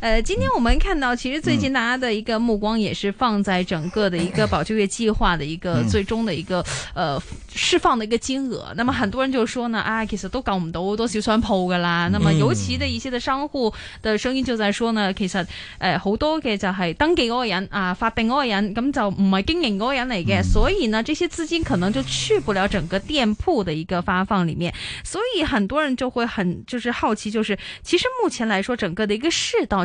呃，今天我們看到，其實最近大家的一個目光也是放在整個的一個保就業計劃的一個最終的一個呃釋放的一個金額。嗯、那麼很多人就說呢，啊，其實都搞唔到多小商鋪噶啦。那麼尤其的一些的商戶的聲音就在說呢，其實，呃，好多嘅就係登記嗰個人啊，發證嗰個人，咁就唔係經營嗰個人嚟嘅，嗯、所以呢，這些資金可能就去不了整個店鋪的一個發放裏面。所以很多人就會很就是好奇，就是其實目前來說，整個的一個市道。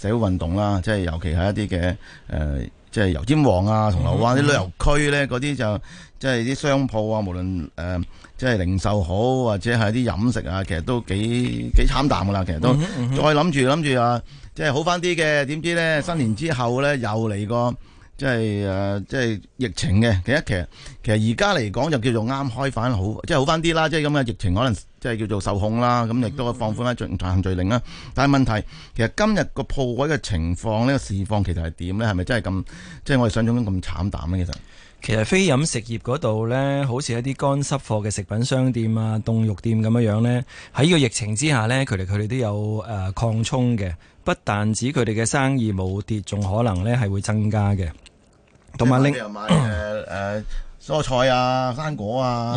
社會運動啦、呃，即係尤其係一啲嘅誒，即係油尖旺啊、銅鑼灣啲旅遊區咧，嗰啲就即係啲商鋪啊，無論誒、呃、即係零售好，或者係啲飲食啊，其實都幾幾慘淡噶啦，其實都、嗯嗯、再諗住諗住啊，即係好返啲嘅，點知咧，新年之後咧，又嚟過。即係誒，即係疫情嘅。其實其實而家嚟講就叫做啱開翻好，即係好翻啲啦。即係咁嘅疫情，可能即係叫做受控啦。咁亦都放寬翻限聚令啦。但係問題其實今日個鋪位嘅情況咧，市況其實係點呢？係咪真係咁即係我哋想象中咁慘淡呢？其實其實非飲食業嗰度呢，好似一啲乾濕貨嘅食品商店啊、凍肉店咁樣樣呢，喺個疫情之下呢，佢哋佢哋都有誒擴充嘅。不但止佢哋嘅生意冇跌，仲可能呢係會增加嘅。同埋拎誒誒蔬菜啊、生果啊，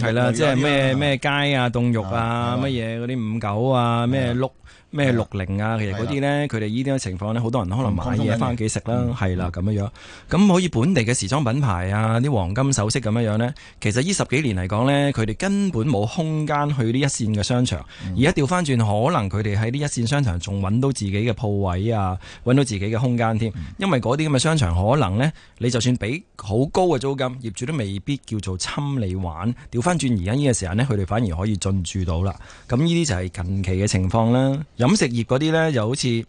係啦、嗯，即係咩咩雞啊、凍肉啊、乜嘢嗰啲五穀啊、咩碌的。的咩六零啊，對其實嗰啲呢，佢哋呢啲嘅情況呢好多人可能買嘢翻屋企食啦，係啦咁樣樣。咁好似本地嘅時裝品牌啊，啲黃金首飾咁樣呢。其實呢十幾年嚟講呢，佢哋根本冇空間去呢一線嘅商場。嗯、而家調翻轉，可能佢哋喺呢一線商場仲揾到自己嘅鋪位啊，揾到自己嘅空間添。嗯、因為嗰啲咁嘅商場，可能呢，你就算俾好高嘅租金，業主都未必叫做侵你玩。調翻轉而家呢個時間呢，佢哋反而可以進駐到啦。咁呢啲就係近期嘅情況啦。飲食業嗰啲呢，又好似誒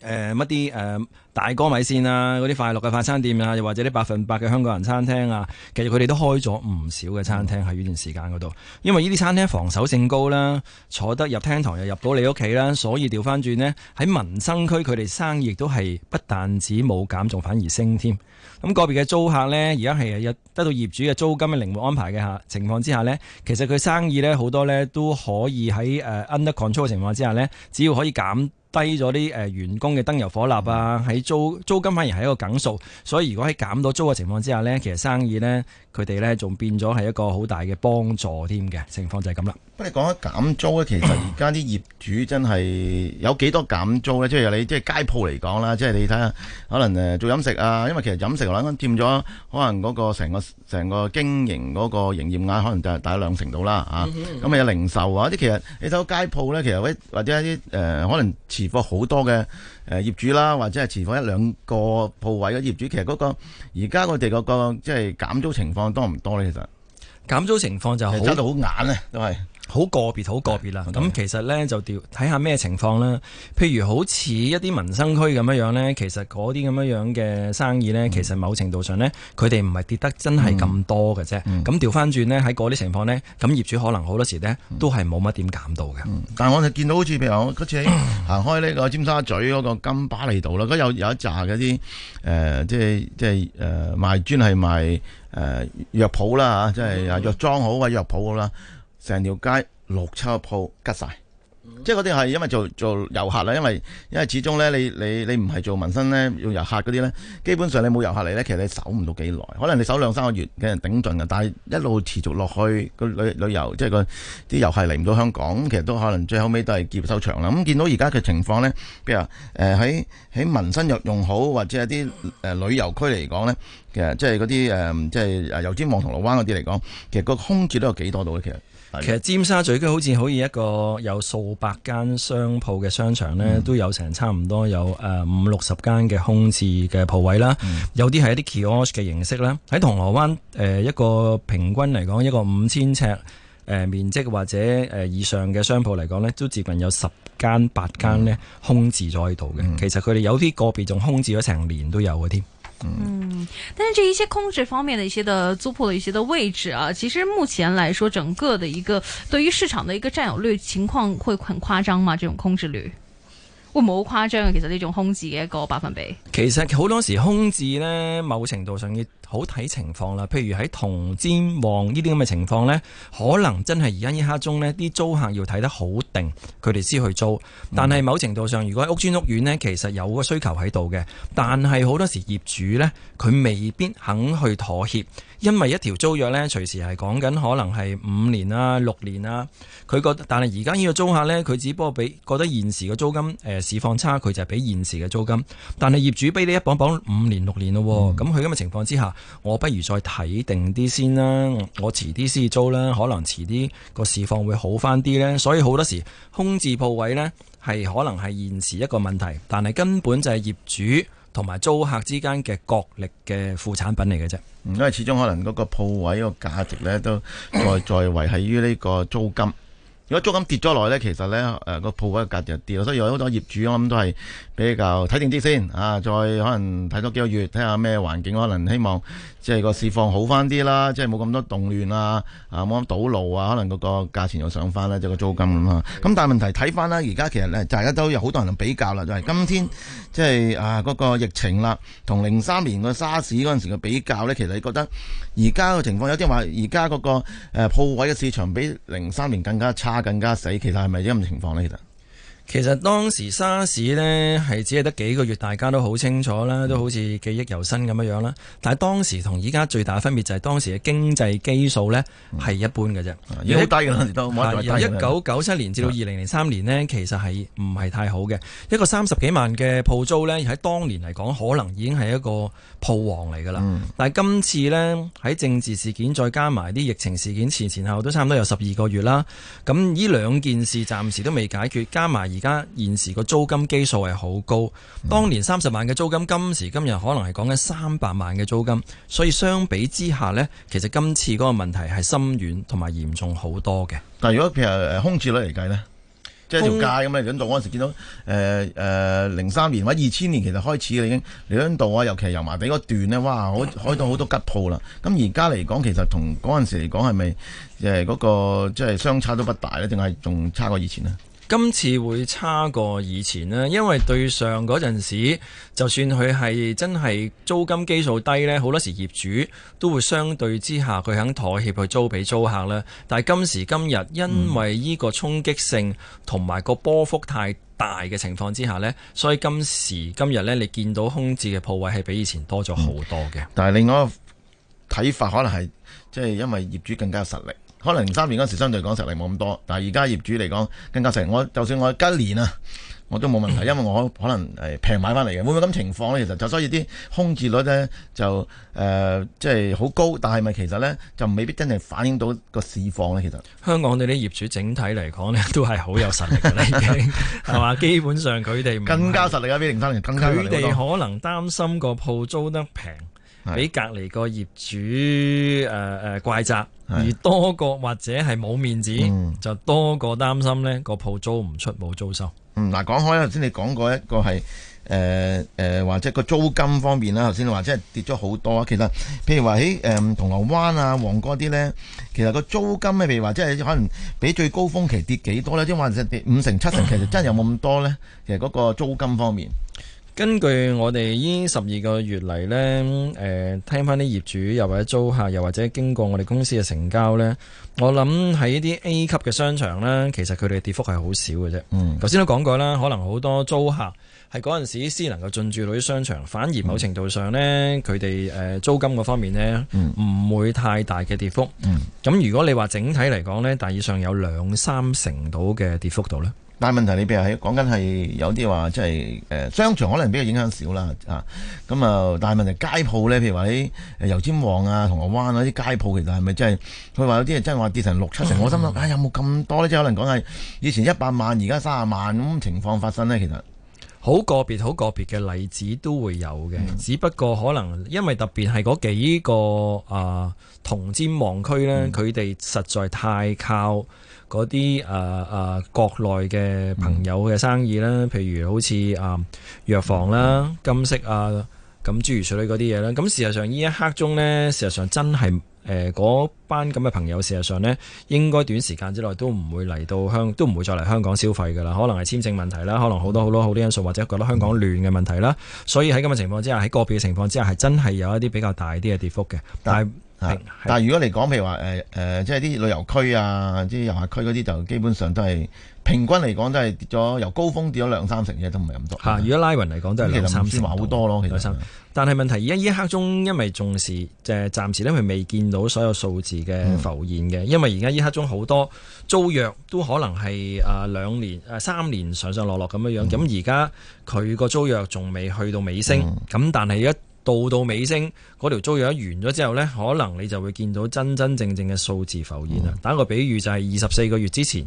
乜啲誒大哥米線啊，嗰啲快樂嘅快餐店啊，又或者啲百分百嘅香港人餐廳啊，其實佢哋都開咗唔少嘅餐廳喺呢段時間嗰度，因為呢啲餐廳防守性高啦，坐得入廳堂又入到你屋企啦，所以調翻轉呢。喺民生區佢哋生意都係不但止冇減，仲反而升添。咁個別嘅租客咧，而家係有得到業主嘅租金嘅靈活安排嘅下情況之下咧，其實佢生意咧好多咧都可以喺誒 under control 嘅情況之下咧，只要可以減低咗啲誒員工嘅燈油火蠟啊，喺租租金反而係一個梗數，所以如果喺減到租嘅情況之下呢，其實生意呢，佢哋呢仲變咗係一個好大嘅幫助添嘅情況就係咁啦。不過你講開減租咧，其實而家啲業主真係有幾多減租呢？ 即係你即係街鋪嚟講啦，即係你睇下可能誒、呃、做飲食啊，因為其實飲食我諗佔咗可能嗰個成個成個經營嗰個營業額可能就係大概兩成度啦嚇。咁 啊有零售啊即，其實你睇到街鋪呢，其實或者一啲誒、呃、可能前放好多嘅誒業主啦，或者係持放一兩個鋪位嘅業主，其實嗰、嗰個而家我哋嗰個即係減租情況多唔多咧？其實減租情況就睇到好眼都係。好個別，好個別啦。咁對其實咧就調睇下咩情況啦。對譬如好似一啲民生區咁樣呢，咧，其實嗰啲咁樣嘅生意咧，嗯、其實某程度上咧，佢哋唔係跌得真係咁多嘅啫。咁對、嗯、調翻轉咧，喺嗰啲情況咧，咁業主可能好多時咧都係冇乜點減到嘅。對對但我就見到好似譬如我嗰次行開呢個尖沙咀嗰個金巴利道啦，嗰、嗯、有有一紮嗰啲即係即係誒賣專係賣誒藥鋪啦，嚇、呃，即係藥莊好啊，藥鋪好啦。對成條街六七個鋪吉晒，嗯、即係嗰啲係因為做做遊客啦。因為因為始終咧，你你你唔係做民生咧，要遊客嗰啲咧，基本上你冇遊客嚟咧，其實你守唔到幾耐。可能你守兩三個月嘅人頂盡嘅，但係一路持續落去個旅旅遊，即係個啲遊客嚟唔到香港，其實都可能最後尾都係劫收場啦。咁、嗯、見到而家嘅情況咧，譬如誒喺喺民生藥用好或者一啲誒、呃、旅遊區嚟講咧，其實即係嗰啲誒即係油尖旺銅鑼灣嗰啲嚟講，其實,、呃、其實個空置都有幾多度嘅，其實。其實尖沙咀都好似好似一個有數百間商鋪嘅商場呢，都有成差唔多有誒五六十間嘅空置嘅鋪位啦。有啲係一啲 Kiosk 嘅形式啦。喺銅鑼灣誒一個平均嚟講，一個五千尺誒面積或者誒以上嘅商鋪嚟講呢，都接近有十間八間呢，空置咗喺度嘅。其實佢哋有啲個別仲空置咗成年都有嘅添。嗯但是這一些空置方面的一些的租鋪的一些的位置啊，其實目前來說，整個的一個對於市場的一個佔有率情況會很誇張嗎？這種空置率？會唔會好誇張？其實呢種空置嘅一個百分比，其實好多時空置呢，某程度上要好睇情況啦。譬如喺同尖旺呢啲咁嘅情況呢，可能真係而家呢刻中呢啲租客要睇得好定，佢哋先去租。但係某程度上，如果喺屋邨屋苑呢，其實有個需求喺度嘅，但係好多時業主呢，佢未必肯去妥協。因為一條租約呢，隨時係講緊可能係五年啦、啊、六年啦、啊，佢覺得，但係而家呢個租客呢，佢只不過俾覺得現時嘅租金誒市況、呃、差，佢就係俾現時嘅租金。但係業主俾你一綁綁五年六年咯，咁佢咁嘅情況之下，我不如再睇定啲先啦，我遲啲先租啦，可能遲啲個市況會好返啲呢。所以好多時空置鋪位呢，係可能係現時一個問題，但係根本就係業主。同埋租客之間嘅角力嘅副產品嚟嘅啫，因為始終可能嗰個鋪位個價值咧都再再維繫於呢個租金。 如果租金跌咗落嚟，其實咧誒個鋪位價就跌，所以有好多業主我諗都係比較睇定啲先啊，再可能睇多幾個月，睇下咩環境，可能希望即係個市況好翻啲啦，即係冇咁多動亂啊，冇咁堵路啊，可能嗰個價錢又上翻呢。即、就、個、是、個租金咁咁、啊嗯、但係問題睇翻啦而家其實咧大家都有好多人比較啦，就係、是、今天即係、就是、啊嗰、那個疫情啦，同零三年個沙士嗰時時嘅比較呢。其實你覺得而家個情況，有啲話而家嗰個誒、呃、鋪位嘅市場比零三年更加差。更加死，其實係咪咁情況咧？其實。其實當時沙士呢，係只係得幾個月，大家都好清楚啦，都好似記憶猶新咁樣樣啦。但係當時同依家最大分別就係當時嘅經濟基數呢，係一般嘅啫，好、嗯、低嘅一九九七年至到二零零三年呢，其實係唔係太好嘅，一個三十幾萬嘅鋪租呢，喺當年嚟講可能已經係一個鋪王嚟㗎啦。嗯、但係今次呢，喺政治事件再加埋啲疫情事件前前後都差唔多有十二個月啦，咁呢兩件事暫時都未解決，加埋。而家現，現時個租金基數係好高，當年三十萬嘅租金，今時今日可能係講緊三百萬嘅租金，所以相比之下呢，其實今次嗰個問題係深遠同埋嚴重好多嘅。但係，如果譬如空置率嚟計呢，即係條街咁樣嚟度嗰陣時見到誒、誒零三年或二千年其實開始已經嚟度啊，尤其係油麻地嗰段呢，哇，開到好多吉鋪啦。咁而家嚟講，其實同嗰陣時嚟講係咪誒嗰個即係、嗰個即係、相差都不大呢？定係仲差過以前呢？今次會差過以前呢，因為對上嗰陣時，就算佢係真係租金基數低呢，好多時業主都會相對之下佢肯妥協去租俾租客啦。但係今時今日，因為呢個衝擊性同埋個波幅太大嘅情況之下呢，所以今時今日呢，你見到空置嘅鋪位係比以前多咗好多嘅、嗯。但係另外一個睇法，可能係即係因為業主更加有實力。可能零三年嗰時相對嚟講實力冇咁多，但係而家業主嚟講更加實力。我就算我一年啊，我都冇問題，因為我可能係平買翻嚟嘅。會唔會咁情況咧？其實就所以啲空置率咧就誒即係好高，但係咪其實咧就未必真正反映到個市況咧？其實香港對啲業主整體嚟講咧都係好有實力啦，已經係嘛？基本上佢哋更加實力啊，比零三年更加。佢哋可能擔心個鋪租得平。俾隔離個業主誒誒怪責，而多過或者係冇面子，的嗯、就多過擔心咧個鋪租唔出冇租收。嗯，嗱、啊、講開頭先，你講過一個係誒誒，或者個租金方面啦。頭先你話即係跌咗好多，其實譬如話喺誒銅鑼灣啊、旺角啲咧，其實個租金咧，譬如話即係可能比最高峰期跌幾多咧？即係話跌五成七成 其有有，其實真係有冇咁多咧？其實嗰個租金方面。根據我哋呢十二個月嚟呢，誒聽翻啲業主又或者租客，又或者經過我哋公司嘅成交呢，我諗喺啲 A 級嘅商場呢，其實佢哋跌幅係好少嘅啫。頭先都講過啦，可能好多租客係嗰陣時先能夠進駐到啲商場，反而某程度上呢，佢哋、嗯、租金嗰方面呢唔會太大嘅跌幅。咁、嗯、如果你話整體嚟講呢，大意上有兩三成度嘅跌幅度呢。但係問題，你譬如喺講緊係有啲話，即係誒商場可能比較影響少啦，啊咁啊！但係問題街鋪咧，譬如話喺油尖旺啊、銅鑼灣啊啲街鋪，其實係咪真係佢話有啲人真係話跌成六七成？嗯、我心諗啊、哎，有冇咁多咧？即係可能講係以前一百萬，而家三十萬咁情況發生呢，其實好個別、好個別嘅例子都會有嘅。嗯、只不過可能因為特別係嗰幾個啊油尖旺區咧，佢哋、嗯、實在太靠。嗰啲誒誒國內嘅朋友嘅生意啦，譬如好似誒、呃、藥房啦、金飾啊，咁諸如此類嗰啲嘢啦。咁事實上呢一刻中呢，事實上真係誒嗰班咁嘅朋友，事實上呢應該短時間之內都唔會嚟到香，都唔會再嚟香港消費㗎啦。可能係簽證問題啦，可能好多好多好多因素，或者覺得香港亂嘅問題啦。所以喺咁嘅情況之下，喺個別嘅情況之下，係真係有一啲比較大啲嘅跌幅嘅，但係。但係如果嚟講，譬如話誒誒，即係啲旅遊區啊，啲遊客區嗰啲，就基本上都係平均嚟講都係跌咗，由高峰跌咗兩三成嘅，都唔係咁多。嚇、啊！如果拉勻嚟講都係兩三先話好多咯，其實 2, 3, 但係問題而家呢一刻中，因為仲係即係暫時咧，佢未見到所有數字嘅浮現嘅，嗯、因為而家呢一刻中好多租約都可能係啊兩年、誒、啊、三年上上落落咁樣樣。咁而家佢個租約仲未去到尾聲，咁、嗯、但係一。到到尾聲，嗰條租約完咗之後呢，可能你就會見到真真正正嘅數字浮現啦。打、嗯、個比喻就係二十四個月之前。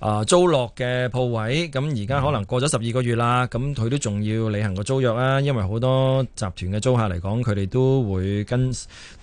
啊，租落嘅鋪位，咁而家可能過咗十二個月啦，咁佢都仲要履行個租約啦，因為好多集團嘅租客嚟講，佢哋都會跟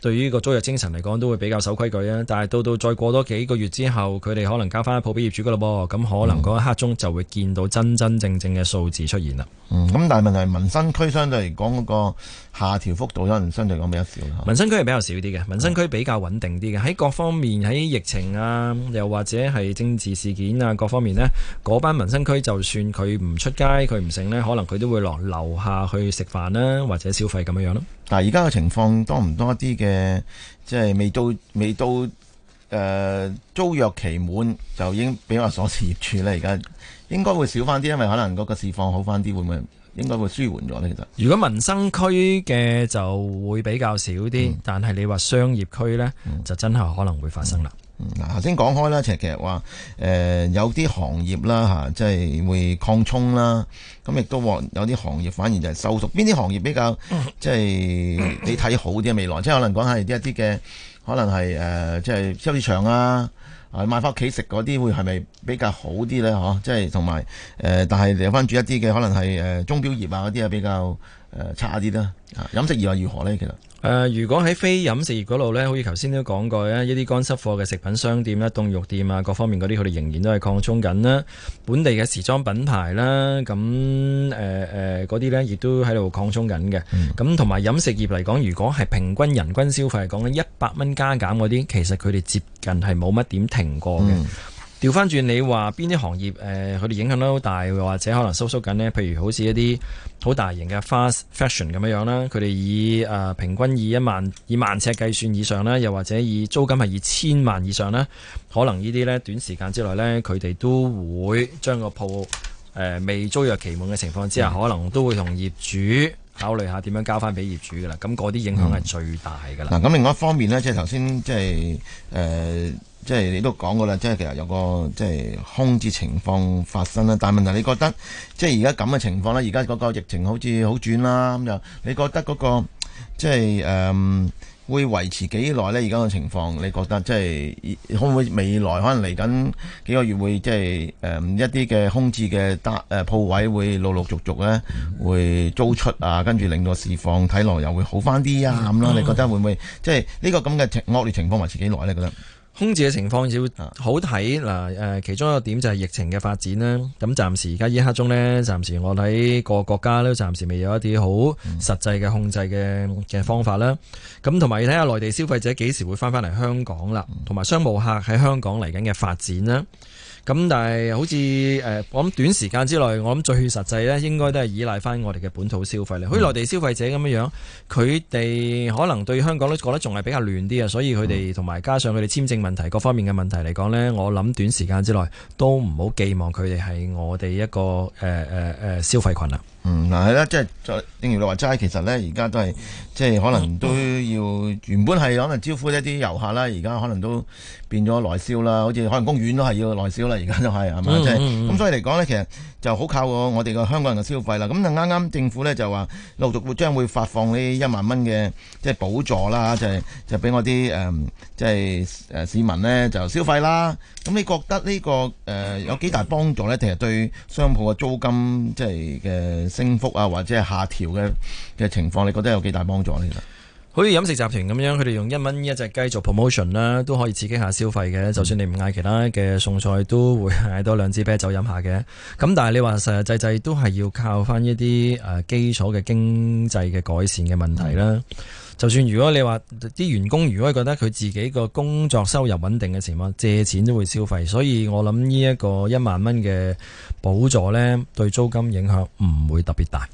對於個租約精神嚟講，都會比較守規矩啊。但係到到再過多幾個月之後，佢哋可能交翻鋪俾業主噶咯噃，咁可能嗰一刻鐘就會見到真真正正嘅數字出現啦。咁、嗯、但係問題，民生區相對嚟講嗰個下調幅度可能相對講比較少，民生區係比較少啲嘅，民生區比較穩定啲嘅，喺各方面喺疫情啊，又或者係政治事件。啊！各方面呢，嗰班民生區就算佢唔出街，佢唔剩呢，可能佢都會落樓下去食飯啦，或者消費咁樣樣咯。但係而家嘅情況多唔多啲嘅？即係未到未到誒、呃、租約期滿就已經比話鎖匙業主呢，而家應該會少翻啲，因為可能嗰個市況好翻啲，會唔會應該會舒緩咗呢？嗯、其實如果民生區嘅就會比較少啲，但係你話商業區呢，嗯、就真係可能會發生啦。嗯，嗱，頭先講開啦，其實其實話誒，有啲行業啦吓，即係會擴充啦，咁亦都有啲行業反而就係收縮。邊啲行業比較即係你睇好啲嘅未來？即係可能講係一啲嘅可能係誒，即係超市場啊，買翻屋企食嗰啲會係咪比較好啲咧？即係同埋誒，但係有翻住一啲嘅可能係誒，鐘、呃、表業啊嗰啲啊比較。誒、呃，差啲啦。飲食業係如何呢？其實誒、呃，如果喺非飲食業嗰度呢，好似頭先都講過咧，一啲乾濕貨嘅食品商店啦、凍肉店啊，各方面嗰啲，佢哋仍然都係擴充緊啦。本地嘅時裝品牌啦，咁誒誒嗰啲呢，亦、呃呃、都喺度擴充緊嘅。咁同埋飲食業嚟講，如果係平均人均消費嚟講，一百蚊加減嗰啲，其實佢哋接近係冇乜點停過嘅。嗯。調翻轉你話邊啲行業佢哋影響都好大，又或者可能收縮緊呢？譬如好似一啲好大型嘅 fast fashion 咁樣啦，佢哋以平均以一萬以萬尺計算以上啦，又或者以租金係以千萬以上啦，可能呢啲呢，短時間之內呢，佢哋都會將個鋪未租約期滿嘅情況之下，可能都會同業主考慮下點樣交翻俾業主噶啦。咁嗰啲影響係最大噶啦。咁、嗯、另外一方面呢，即係頭先即係即係你都講過啦，即係其實有個即係空置情況發生啦。但係問題你，你覺得、嗰個、即係而家咁嘅情況咧，而家嗰個疫情好似好轉啦，咁就你覺得嗰個即係誒會維持幾耐呢？而家個情況，你覺得即係可唔可以未來可能嚟緊幾個月會即係誒、嗯、一啲嘅空置嘅單誒鋪位會陸陸續續咧會租出啊，跟住令到市況睇落又會好返啲啊咁咯？嗯、你覺得會唔會、嗯、即係呢、呢個咁嘅情惡劣情況維持幾耐呢？覺得？空置嘅情況要好睇嗱，誒其中一個點就係疫情嘅發展啦。咁暫時而家呢刻鐘呢，暫時我睇個國家都暫時未有一啲好實際嘅控制嘅嘅方法啦。咁同埋睇下內地消費者幾時會翻翻嚟香港啦，同埋商務客喺香港嚟緊嘅發展啦。咁但係好似誒，我諗短時間之內，我諗最實際咧，應該都係依賴翻我哋嘅本土消費嚟。好似內地消費者咁樣樣，佢哋可能對香港都覺得仲係比較亂啲啊，所以佢哋同埋加上佢哋簽證問題各方面嘅問題嚟講咧，我諗短時間之內都唔好寄望佢哋係我哋一個誒誒、呃呃、消費群啦。嗯，嗱係啦，即係再，正如你話齋，其實咧而家都係，即係可能都要，原本係可能招呼一啲遊客啦，而家可能都變咗內銷啦，好似海洋公園都係要內銷啦，而家都係，係咪？即係咁，嗯嗯嗯，所以嚟講咧，其實。就好靠我我哋嘅香港人嘅消費啦，咁就啱啱政府咧就話陸續會將會發放呢一萬蚊嘅即係補助啦，就係、是、就俾我啲誒即係誒市民咧就消費啦。咁你覺得呢、呢個誒、呃、有幾大幫助咧？其實對商鋪嘅租金即係嘅升幅啊，或者係下調嘅嘅情況，你覺得有幾大幫助呢？其實？好似飲食集團咁樣，佢哋用一蚊一隻雞做 promotion 啦，都可以刺激下消費嘅。就算你唔嗌其他嘅餸菜，都會嗌多兩支啤酒飲下嘅。咁但係你話實實際際都係要靠返一啲誒基礎嘅經濟嘅改善嘅問題啦。的就算如果你話啲員工如果覺得佢自己個工作收入穩定嘅情況，借錢都會消費。所以我諗呢一個一萬蚊嘅補助呢，對租金影響唔會特別大。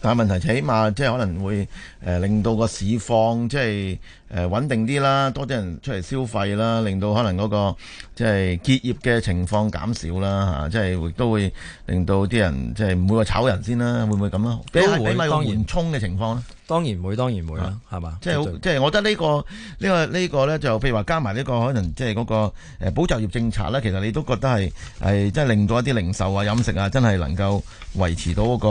但係問題就，起碼即係可能會誒令到個市況即係。誒穩定啲啦，多啲人出嚟消費啦，令到可能嗰個即係結業嘅情況減少啦嚇，即係亦都會令到啲人即係唔會話炒人先啦，會唔會咁啦？俾俾埋個緩衝嘅情況啦，當然會，當然會啦，係嘛？即係即係，我覺得呢個呢個呢個呢，就譬如話加埋呢個可能即係嗰個誒補就業政策呢，其實你都覺得係係即係令到一啲零售啊、飲食啊，真係能夠維持到嗰個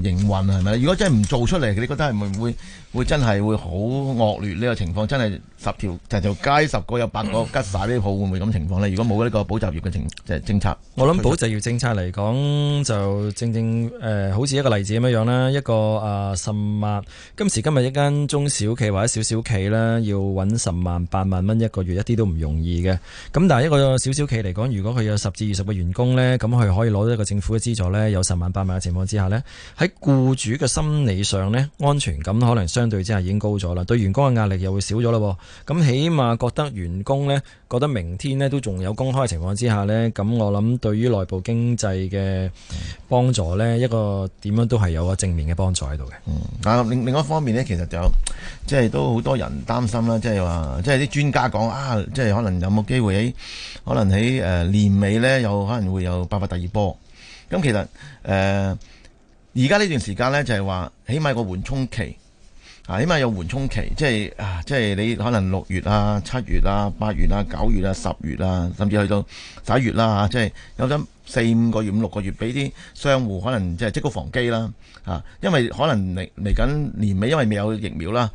營運係咪？如果真係唔做出嚟，你覺得係會唔會？會真係會好惡劣呢個情況，真係。十條就條街十個，十個有八個吉晒啲好。會唔會咁情況呢？如果冇呢個補習業嘅政政策，我諗補習業政策嚟講就正正誒、呃，好似一個例子咁樣啦。一個啊十萬，今時今日一間中小企或者小小企呢，要揾十萬八萬蚊一個月，一啲都唔容易嘅。咁但係一個小小企嚟講，如果佢有十至二十個員工呢，咁佢可以攞到一個政府嘅資助呢，有十萬八萬嘅情況之下呢，喺僱主嘅心理上呢，安全感可能相對之下已經高咗啦，對員工嘅壓力又會少咗咯。咁起碼覺得員工呢，覺得明天呢都仲有公開嘅情況之下呢。咁我諗對於內部經濟嘅幫助呢，一個點樣都係有個正面嘅幫助喺度嘅。嗯，另另一方面呢，其實就即係、就是、都好多人擔心啦，即係話即係啲專家講啊，即、就、係、是、可能有冇機會喺可能喺年尾呢，有可能會有爆發第二波。咁其實誒而家呢段時間呢，就係話起碼個緩衝期。啊，起碼有緩衝期，即係啊，即係你可能六月啊、七月啊、八月啊、九月啊、十月啊，甚至去到十一月啦、啊啊、即係有咗四五個月、五六個月，俾啲商戶可能即係積穀防饑啦、啊、因為可能嚟嚟緊年尾，因為未有疫苗啦，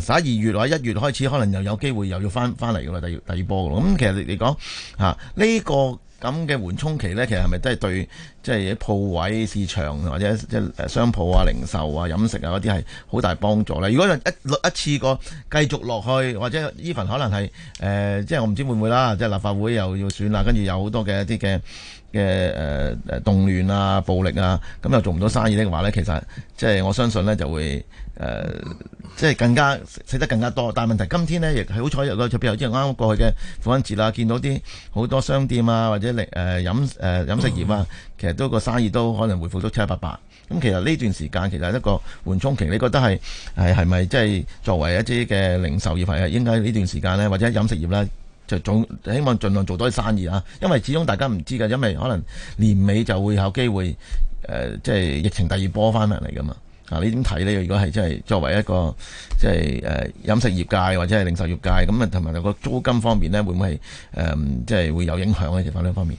十一二月或一月開始，可能又有機會又要翻翻嚟嘅啦，第二第二波嘅啦。咁、啊、其實你講嚇，呢、啊呢個咁嘅緩衝期咧，其實係咪真係對？即係啲鋪位市場或者即係商鋪啊、零售啊、飲食啊嗰啲係好大幫助啦。如果一一次過繼續落去，或者 even 可能係誒、呃，即係我唔知會唔會啦。即係立法會又要選啦，跟住有好多嘅一啲嘅嘅誒誒動亂啊、暴力啊，咁又做唔到生意咧嘅話咧，其實即係我相信呢就會誒、呃，即係更加食得更加多。但係問題，今天呢亦係好彩，又再再比較啱啱過去嘅父親節啦，見到啲好多商店啊，或者零誒、呃、飲誒、呃、飲食業啊，其實。都個生意都可能回復到七七八八。咁其實呢段時間其實係一個緩衝期，你覺得係係係咪即係作為一啲嘅零售業或者係應該呢段時間呢，或者飲食業呢，就總希望儘量做多啲生意啊？因為始終大家唔知㗎，因為可能年尾就會有機會誒，即係疫情第二波翻嚟㗎嘛。啊，你點睇呢？如果係即係作為一個即係誒飲食業界或者係零售業界，咁啊同埋個租金方面呢，會唔會誒即係會有影響咧？亦或呢？方面？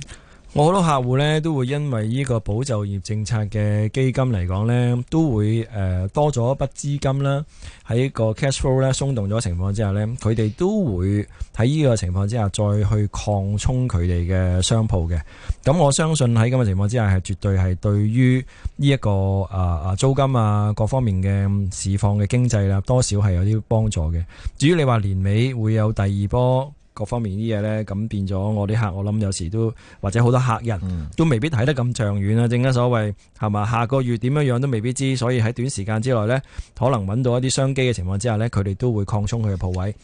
我好多客戶咧都會因為呢個保就業政策嘅基金嚟講咧，都會誒、呃、多咗一筆資金啦。喺個 cash flow 咧鬆動咗情況之下咧，佢哋都會喺呢個情況之下再去擴充佢哋嘅商鋪嘅。咁我相信喺咁嘅情況之下，係絕對係對於呢一個啊啊、呃、租金啊各方面嘅市況嘅經濟啦，多少係有啲幫助嘅。至於你話年尾會有第二波？各方面啲嘢呢，咁變咗我啲客，我諗有時都或者好多客人，都未必睇得咁長遠啦。正一所謂係嘛，下個月點樣樣都未必知，所以喺短時間之內呢，可能揾到一啲商機嘅情況之下呢，佢哋都會擴充佢嘅鋪位。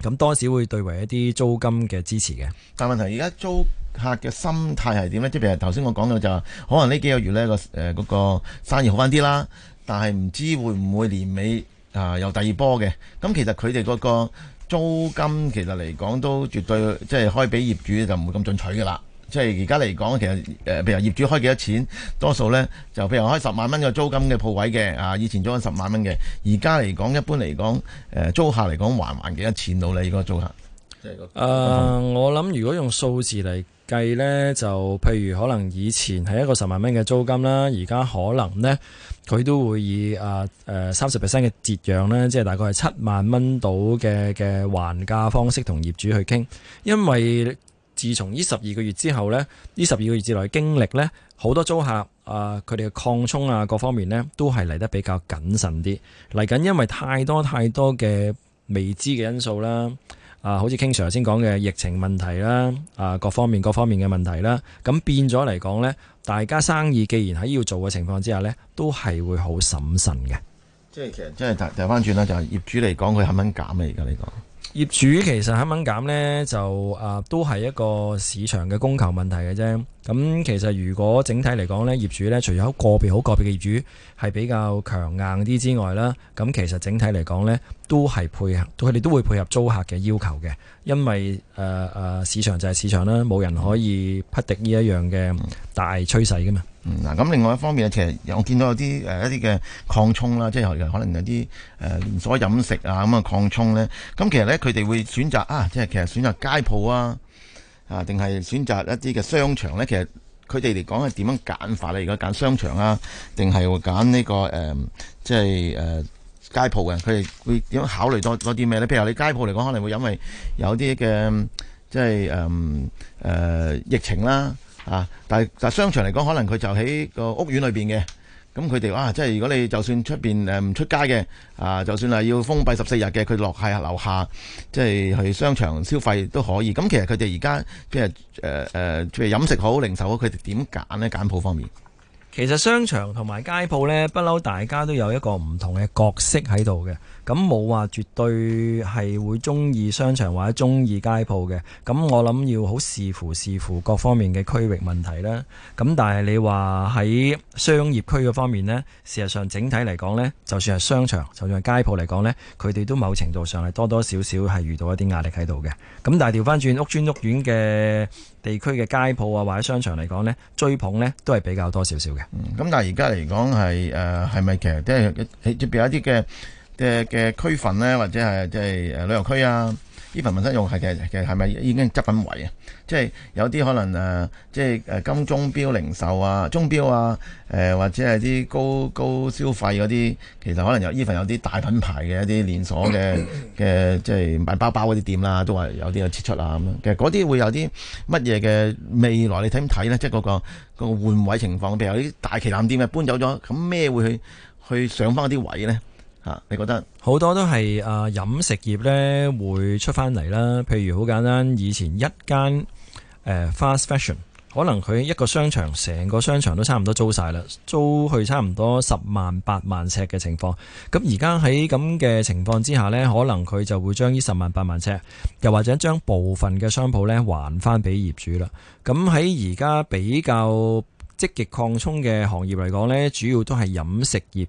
咁多時會對為一啲租金嘅支持嘅。但問題而家租客嘅心態係點呢？即係頭先我講到就話，可能呢幾個月呢，個誒嗰個生意好翻啲啦，但係唔知會唔會年尾啊又第二波嘅。咁其實佢哋嗰個。租金其實嚟講都絕對即係、就是、開俾業主就唔會咁進取㗎啦。即係而家嚟講，其實誒、呃、譬如業主開幾多錢，多數呢就譬如開十萬蚊嘅租金嘅鋪位嘅啊，以前租緊十萬蚊嘅，而家嚟講一般嚟講誒、呃、租客嚟講還還幾多錢到咧？呢、呢個租客。誒、呃，我諗如果用數字嚟計呢，就譬如可能以前係一個十萬蚊嘅租金啦，而家可能呢，佢都會以誒誒三十 percent 嘅折讓呢，即係大概係七萬蚊到嘅嘅還價方式同業主去傾。因為自從呢十二個月之後呢，呢十二個月之內經歷呢好多租客啊，佢哋嘅擴充啊，各方面呢，都係嚟得比較謹慎啲嚟緊，來因為太多太多嘅未知嘅因素啦。啊，好似 King Sir 先講嘅疫情問題啦，啊，各方面各方面嘅問題啦，咁變咗嚟講呢，大家生意既然喺要做嘅情況之下呢，都係會好審慎嘅。即係其實即係掉掉翻轉啦，就係、是、業主嚟講佢肯唔肯減啊而家呢個？你業主其實肯唔肯減呢，就啊都係一個市場嘅供求問題嘅啫。咁其實如果整體嚟講呢，業主呢，除咗個別好個別嘅業主係比較強硬啲之外啦，咁其實整體嚟講呢，都係配合，佢哋都會配合租客嘅要求嘅，因為、呃、市場就係市場啦，冇人可以匹敵呢一樣嘅大趨勢噶嘛。嗱、嗯，咁另外一方面其實我見到有啲一啲嘅擴充啦，即係可能有啲誒連鎖飲食啊咁啊擴充呢。咁其實呢，佢哋會選擇啊，即係其實選擇街鋪啊。啊，定係選擇一啲嘅商場咧？其實佢哋嚟講係點樣揀法咧？如果揀商場啊，定係會揀呢個誒，即係誒街鋪嘅。佢哋會點樣考慮多多啲咩咧？譬如話你街鋪嚟講，可能會因為有啲嘅即係誒誒疫情啦啊，但係但係商場嚟講，可能佢就喺個屋苑裏邊嘅。咁佢哋哇，即係如果你就算出面誒唔出街嘅，啊，就算係要封閉十四日嘅，佢落喺樓下，即係去商場消費都可以。咁其實佢哋而家即係誒誒，譬如飲食好、零售好，佢哋點揀呢？揀鋪方面，其實商場同埋街鋪呢，不嬲大家都有一個唔同嘅角色喺度嘅。咁冇話絕對係會中意商場或者中意街鋪嘅，咁我諗要好視乎視乎各方面嘅區域問題啦。咁但係你話喺商業區嘅方面呢，事實上整體嚟講呢，就算係商場，就算係街鋪嚟講呢，佢哋都某程度上係多多少少係遇到一啲壓力喺度嘅。咁但係調翻轉屋邨屋苑嘅地區嘅街鋪啊或者商場嚟講呢，追捧呢都係比較多少少嘅。咁、嗯、但係而家嚟講係係咪其實即係特有一啲嘅？嘅嘅區份咧，或者係即係旅遊區啊，呢份民生用係嘅，其實係咪已經執緊位啊？即係有啲可能誒，即係金鐘標零售啊、鐘錶啊，誒、呃、或者係啲高高消費嗰啲，其實可能有呢份有啲大品牌嘅一啲連鎖嘅嘅，即係賣包包嗰啲店啦，都話有啲有撤出啊咁。其實嗰啲會有啲乜嘢嘅未來？你睇唔睇咧？即係嗰個嗰個換位情況，譬如有啲大旗艦店啊搬走咗，咁咩會去去上翻嗰啲位咧？吓，你覺得好多都係誒，飲食業咧會出翻嚟啦。譬如好簡單，以前一間誒 fast fashion，可能佢一個商場成個商場都差唔多租晒啦，租去差唔多十萬八萬尺嘅情況。咁而家喺咁嘅情況之下呢，可能佢就會將呢十萬八萬尺，又或者將部分嘅商鋪呢還翻俾業主啦。咁喺而家比較積極擴充嘅行業嚟講呢，主要都係飲食業。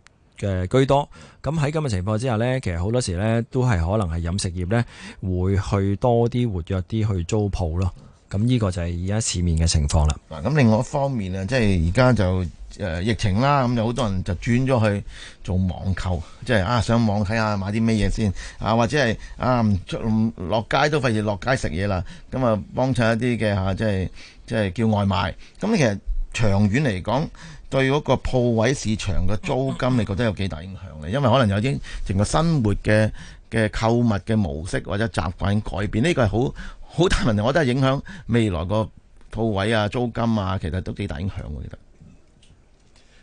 居多，咁喺咁嘅情況之下呢，其實好多時呢都係可能係飲食業呢會去多啲活躍啲去租鋪咯，咁呢個就係而家市面嘅情況啦。嗱，咁另外一方面啊，即係而家就疫情啦，咁就好多人就轉咗去做網購，即係啊上網睇下買啲咩嘢先啊，或者係啊出落街都費事落街食嘢啦，咁啊幫襯一啲嘅吓即係即係叫外賣。咁其實長遠嚟講，對嗰個鋪位市場嘅租金，你覺得有幾大影響咧？因為可能有啲整個生活嘅嘅購物嘅模式或者習慣改變，呢個係好好大問題。我覺得係影響未來個鋪位啊、租金啊，其實都幾大影響。我覺得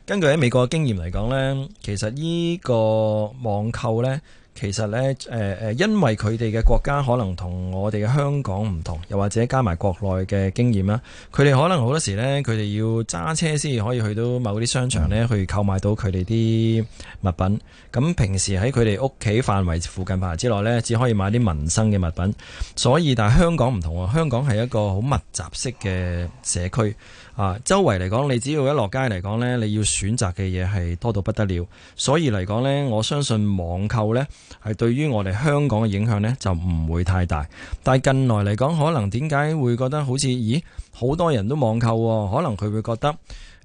根據喺美國嘅經驗嚟講呢，其實呢個網購呢。其實呢，誒、呃、誒，因為佢哋嘅國家可能同我哋嘅香港唔同，又或者加埋國內嘅經驗啦，佢哋可能好多時呢，佢哋要揸車先至可以去到某啲商場呢，去購買到佢哋啲物品。咁平時喺佢哋屋企範圍附近範圍之內呢，只可以買啲民生嘅物品。所以，但係香港唔同啊，香港係一個好密集式嘅社區。啊！周圍嚟講，你只要一落街嚟講呢，你要選擇嘅嘢係多到不得了，所以嚟講呢，我相信網購呢係對於我哋香港嘅影響呢就唔會太大。但係近來嚟講，可能點解會覺得好似咦，好多人都網購喎？可能佢會覺得誒、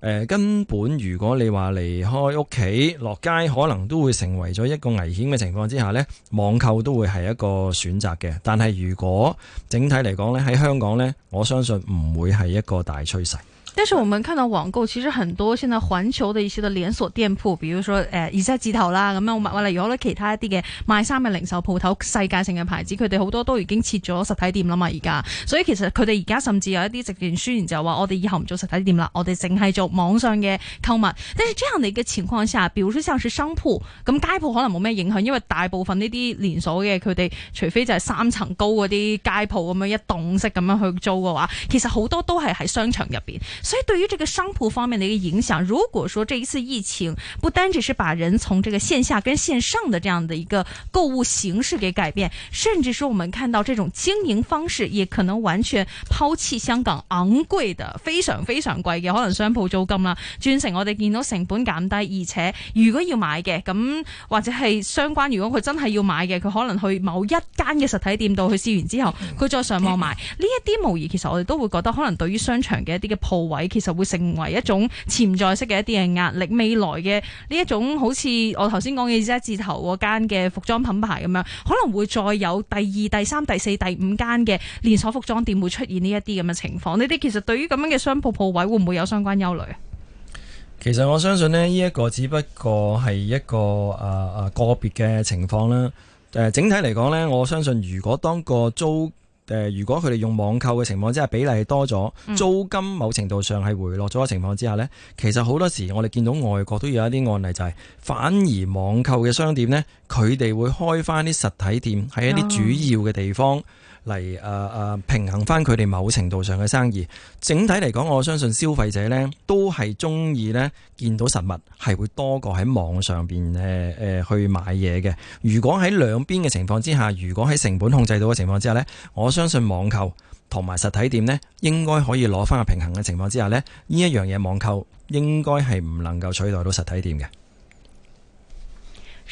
呃、根本如果你話離開屋企落街，可能都會成為咗一個危險嘅情況之下呢，網購都會係一個選擇嘅。但係如果整體嚟講呢，喺香港呢，我相信唔會係一個大趨勢。但是我們看到網購，其實很多現在環球的一些的連鎖店鋪，比如說誒 Z 字頭啦，咁樣例如我其他一啲嘅賣衫嘅零售鋪頭，世界性嘅牌子，佢哋好多都已經設咗實體店啦嘛，而家，所以其實佢哋而家甚至有一啲直接宣言，然就後話我哋以後唔做實體店啦，我哋淨係做網上嘅購物。但係這樣你嘅情況下，比如說像是商鋪，咁街鋪可能冇咩影響，因為大部分呢啲連鎖嘅佢哋，除非就係三層高嗰啲街鋪咁樣一棟式咁樣去租嘅話，其實好多都係喺商場入邊。所以對於這個商鋪方面的一個影響，如果說這一次疫情不單只是把人從這個線下跟線上的這樣的一個購物形式給改變，甚至說我們看到這種經營方式也可能完全拋棄香港昂貴的非常非常貴嘅可能商鋪租金啦，轉成我哋見到成本減低，而且如果要買嘅咁或者係相關，如果佢真係要買嘅，佢可能去某一間嘅實體店度去試完之後，佢再上網買呢一啲無疑， 這些模其實我哋都會覺得可能對於商場嘅一啲嘅鋪。位其實會成為一種潛在式嘅一啲嘅壓力，未來嘅呢一種好似我頭先講嘅一字頭嗰間嘅服裝品牌咁樣，可能會再有第二、第三、第四、第五間嘅連鎖服裝店會出現呢一啲咁嘅情況。呢啲其實對於咁樣嘅商鋪鋪位，會唔會有相關憂慮啊？其實我相信咧，呢一個只不過係一個誒誒個別嘅情況啦。誒，整體嚟講咧，我相信如果當個租誒，如果佢哋用網購嘅情況之下，比例多咗，租金某程度上係回落咗嘅情況之下呢，其實好多時我哋見到外國都有一啲案例，就係反而網購嘅商店呢，佢哋會開返啲實體店喺一啲主要嘅地方。嚟誒、呃、平衡翻佢哋某程度上嘅生意，整體嚟講，我相信消費者呢都係中意呢見到實物，係會多過喺網上面、呃、去買嘢嘅。如果喺兩邊嘅情況之下，如果喺成本控制到嘅情況之下呢，我相信網購同埋實體店呢應該可以攞翻個平衡嘅情況之下呢，呢一樣嘢網購應該係唔能夠取代到實體店嘅。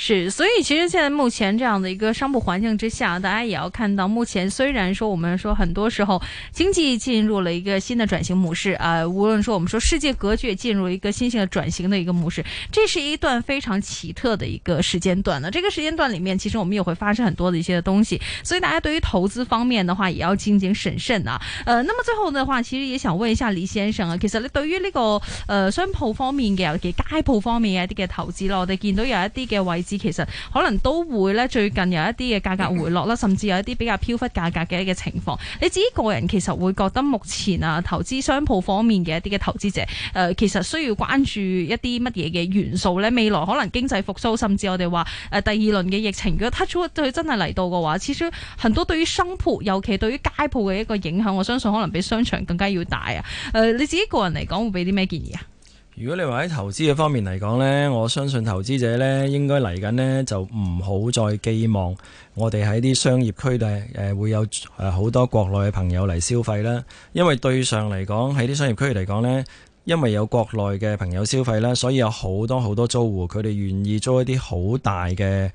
是，所以其實現在目前這樣的一個商鋪環境之下，大家也要看到，目前雖然說我們說很多時候經濟進入了一個新的轉型模式啊、呃，無論說我們說世界格局也進入了一個新型的轉型的一個模式，這是一段非常奇特的一個時間段。呢，這個時間段裏面，其實我們也會發生很多的一些東西，所以大家對於投資方面的話，也要進行審慎啊。呃，那麼最後的話，其實也想問一下黎先生啊，其實對於那、這個呃商鋪方面嘅，尤其街鋪方面嘅一啲嘅投資咯，我哋見到有一啲嘅其實可能都會咧，最近有一啲嘅價格回落啦，甚至有一啲比較飄忽價格嘅一個情況。你自己個人其實會覺得目前啊，投資商鋪方面嘅一啲嘅投資者，誒、呃，其實需要關注一啲乜嘢嘅元素咧？未來可能經濟復甦，甚至我哋話誒第二輪嘅疫情，如果 touchwood 佢真係嚟到嘅話，始終很多對於商鋪，尤其對於街鋪嘅一個影響，我相信可能比商場更加要大啊！誒、呃，你自己個人嚟講，會俾啲咩建議啊？如果你話喺投資嘅方面嚟講呢，我相信投資者呢，應該嚟緊呢就唔好再寄望我哋喺啲商業區呢，誒會有誒好多國內嘅朋友嚟消費啦。因為對上嚟講喺啲商業區嚟講呢，因為有國內嘅朋友消費啦，所以有好多好多租戶，佢哋願意租一啲好大嘅。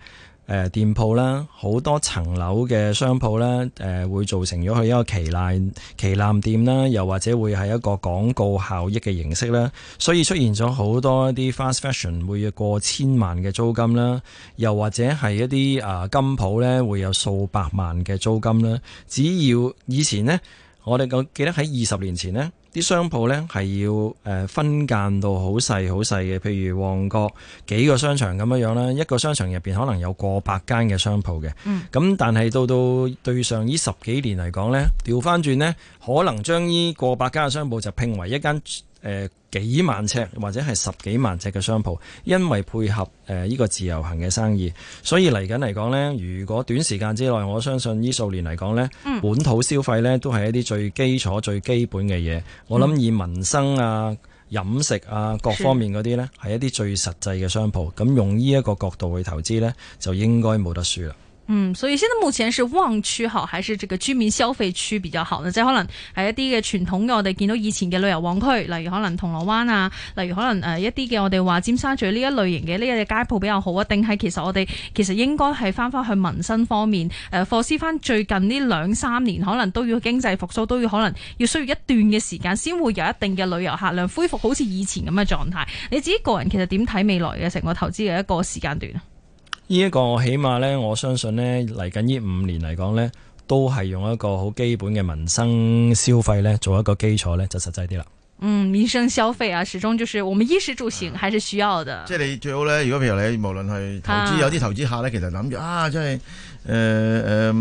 誒店鋪啦，好多層樓嘅商鋪啦，誒會造成咗佢一個旗艦旗艦店啦，又或者會係一個廣告效益嘅形式啦。所以出現咗好多一啲 fast fashion，每月過千萬嘅租金啦，又或者係一啲啊金鋪咧，會有數百萬嘅租金啦。只要以前呢，我哋個記得喺二十年前呢。啲商鋪呢，係要分間到好細好細嘅，譬如旺角幾個商場咁樣樣啦，一個商場入面可能有過百間嘅商鋪嘅。咁、嗯、但係到到對上呢十幾年嚟講呢，調翻轉呢，可能將呢過百間嘅商鋪就拼為一間。誒幾萬尺或者係十幾萬尺嘅商鋪，因為配合誒依個自由行嘅生意，所以嚟緊嚟講呢，如果短時間之內，我相信依數年嚟講呢，嗯、本土消費呢都係一啲最基礎最基本嘅嘢。嗯、我諗以民生啊、飲食啊各方面嗰啲呢，係一啲最實際嘅商鋪。咁是用呢一個角度去投資呢，就應該冇得輸啦。嗯，所以現在目前是旺區好，還是這個居民消費區比較好呢？即係可能係一啲嘅傳統嘅我哋見到以前嘅旅遊旺區，例如可能銅鑼灣啊，例如可能誒一啲嘅我哋話尖沙咀呢一類型嘅呢一啲街鋪比較好啊？定係其實我哋其實應該係翻翻去民生方面，誒、呃，反思翻，最近呢兩三年可能都要經濟復甦，都要可能要需要一段嘅時間，先會有一定嘅旅遊客量恢復，好似以前咁嘅狀態。你自己個人其實點睇未來嘅成個投資嘅一個時間段？呢一個起碼咧，我相信咧嚟緊呢五年嚟講咧，都係用一個好基本嘅民生消費咧，做一個基礎咧，就實際啲啦。嗯，民生消費啊，始終就是我們衣食住行還是需要的。啊、即係你最好咧，如果譬如你無論係投資，啊、有啲投資客咧，其實諗住啊，即係。誒誒、呃，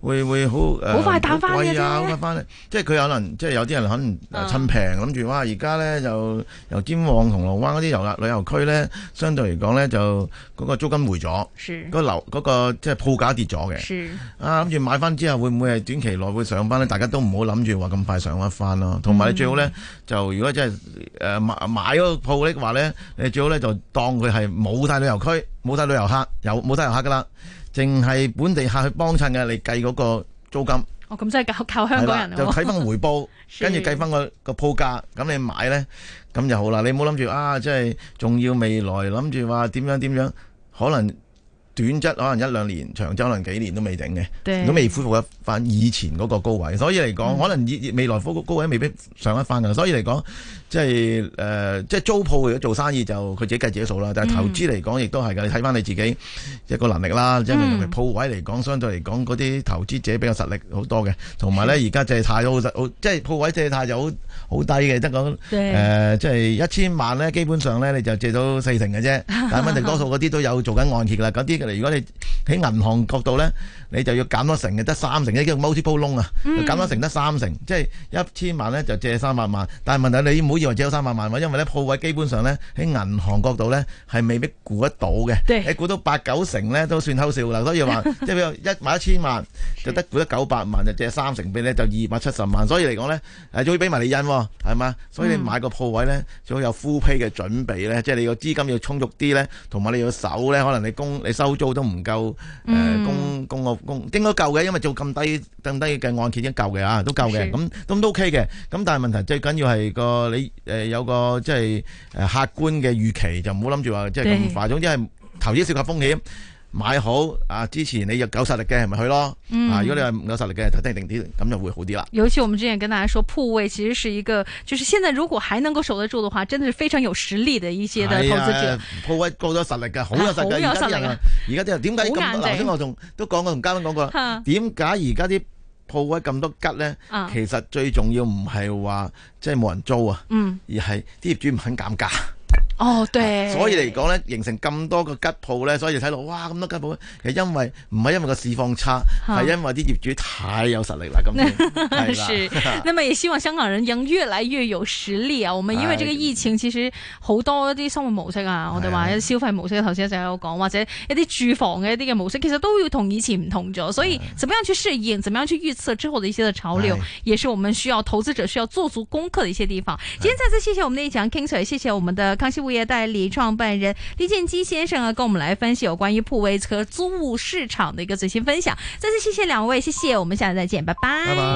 會會好誒，好、呃、快打翻嘅啫。即係佢可能，即係有啲人可能趁平諗住哇。而家咧就由尖旺銅鑼灣嗰啲遊啊旅遊區咧，相對嚟講咧就嗰、那個租金回咗，是那個樓嗰、那個即係鋪價跌咗嘅。啊是，諗住買翻之後會唔會係短期內會上翻咧？嗯、大家都唔好諗住話咁快上得翻咯。同埋最好咧，就如果真係誒買買嗰個鋪咧，話咧，你最好咧就當佢係冇晒旅遊區，冇晒旅遊客，有冇晒遊客噶啦。淨係本地客去幫襯嘅，你計嗰個租金，哦咁即係靠，靠香港人、啊，就睇翻回報，跟住計翻個、嗰個鋪價，咁你買咧，咁就好啦。你唔好諗住啊，即係仲要未來諗住話點樣點樣，可能短質可能一兩年，長周期幾年都未定嘅，對都未恢復一翻以前嗰個高位。所以嚟講，嗯、可能未來高高位未必上一翻噶。所以嚟講。即係誒、呃，即係租鋪如果做生意就佢自己計自己數啦。但係投資嚟講，亦都係噶。你睇翻你自己一個能力啦，因為其實鋪位嚟講，嗯、相對嚟講，嗰啲投資者比較實力好多嘅。同埋咧，而家借貸都好實好，即係鋪位借貸就好好低嘅。得講誒，即係對、呃就是、一千萬咧，基本上咧，你就借到四成嘅啫。但係問題多數嗰啲都有做緊按揭啦。嗰啲 如果你喺銀行角度咧，你就要減多成嘅，得三成。即係踎起鋪窿啊，減多成得三成，嗯、即係一千萬咧就借三百萬。但係問題你我以為只有三百萬喎，因為咧鋪位基本上咧喺銀行角度咧係未必估得到嘅，你估到八九成咧都算偷笑啦。所以話即係譬如一買一千萬，就得估得九百萬，就借三成俾你，就二百七十萬。所以嚟講咧，係都要俾埋厘印，係嘛？所以你買個鋪位咧，最好有鋪坯嘅準備咧，即係你個資金要充足啲咧，同埋你個手咧，可能你供你收租都唔夠誒，供供個供應該夠嘅，因為做咁低咁低嘅按揭已經夠嘅啊，都夠嘅，咁咁都 OK 嘅。咁但係問題最緊要係個你。誒、呃，有個即係誒客觀嘅預期，就唔好諗住話即係咁快。對總之係投資涉及風險，買好啊！之前你有夠實力嘅，係咪去咯？嗯、啊，如果你係唔夠實力嘅，睇定定啲咁就會好啲啦。尤其我們之前跟大家說，鋪位其實是一個，就是現在如果還能夠守得住的話，真的是非常有實力的一些嘅投資者。哎、鋪位高咗實力嘅，好有實力的，而家啲人點解咁？嗱、啊，頭先我仲都講過，同嘉賓講過啦，點解而家啲？鋪位咁多吉咧，其實最重要唔係話即係冇人租啊，而係啲業主唔肯減價。哦對、啊，所以嚟講呢，形成咁多個吉鋪呢，所以就睇到哇咁多吉鋪，其實因為唔係因為個市況差，係、啊、因為啲業主太有實力啦咁。 了是，那麼也希望香港人因越來越有實力啊。我們因為這個疫情，其實好多啲生活模式啊，我哋話一啲消費模式、啊，頭先一直喺度講，或者一啲住房嘅一啲嘅模式，其實都要同以前唔同咗。所以怎麼樣去適應，是怎麼樣去預測，之後的一些思潮流，是也是我們需要投資者需要做足功課的一些地方。現在是再次謝謝我們的 KingSir 謝謝我們的康物業代理創辦人黎建基先生啊，跟我們來分析有關於鋪位和租務市場的一個最新分享。再次謝謝兩位，謝謝，我們下次再見，拜拜。拜拜。